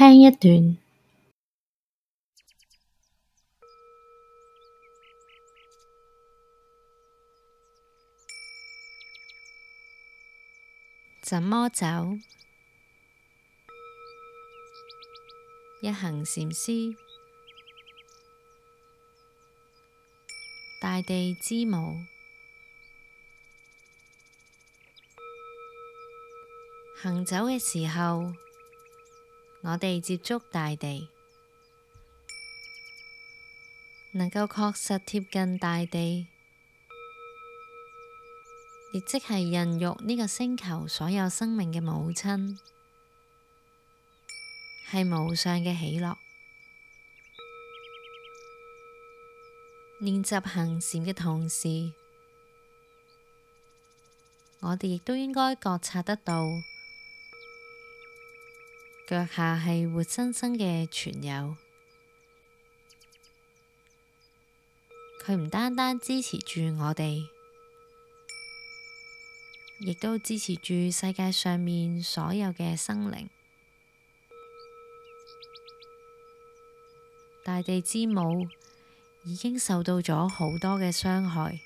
聽一段，怎麼走？一行禪師，大地之母，行走嘅時候。我哋接觸大地，能夠確實貼近大地，亦即係孕育呢個星球所有生命嘅母親，係無上嘅喜樂。練習行善嘅同時，我哋亦都應該覺察得到。腳下係活生生嘅存有，佢唔單單支持住我哋，亦都支持住世界上面所有嘅生靈。大地之母已經受到咗好多嘅傷害，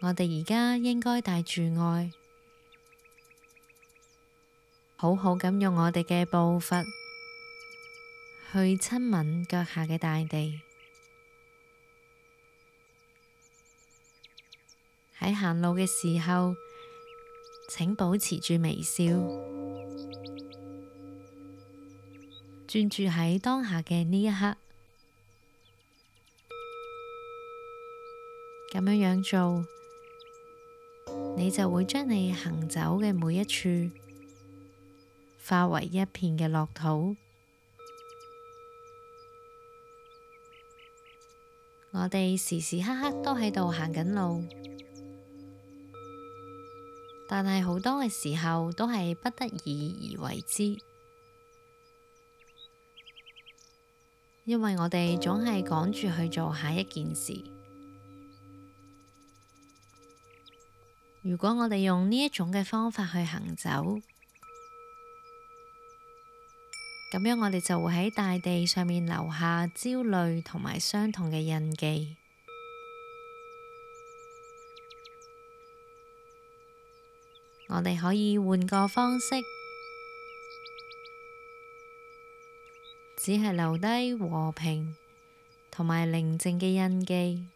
我哋而家應該帶住愛。好好咁用我哋嘅步伐去親吻腳下嘅大地。喺行路嘅時候，請保持住微笑，專注喺當下嘅呢一刻。咁樣樣做，你就會將你行走嘅每一處。化為一片嘅落土。我哋時時刻刻都喺度行緊路，但係好多嘅時候都係不得已而為之，因為我哋總係趕住去做下一件事。如果我哋用呢一種嘅方法去行走，咁樣我哋就會喺大地上面留下焦慮同埋相同嘅印記。我哋可以換個方式，只係留低和平同埋寧靜嘅印記。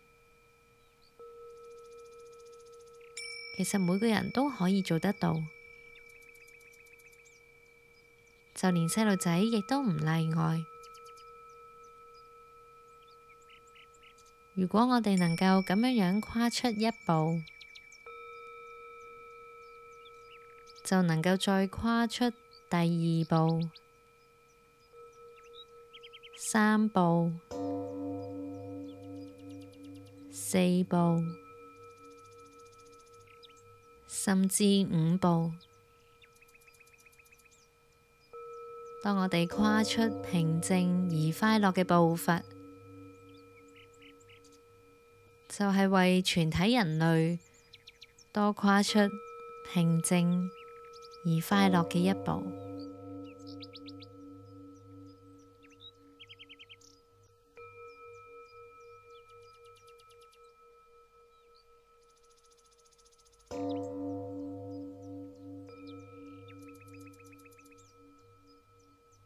其實每個人都可以做得到。就連細路仔亦都唔例外。如果我哋能夠咁樣樣跨出一步，就能夠再跨出第二步、三步、四步，甚至五步。當我哋跨出平靜而快樂嘅步伐，就係為全體人類多跨出平靜而快樂嘅一步。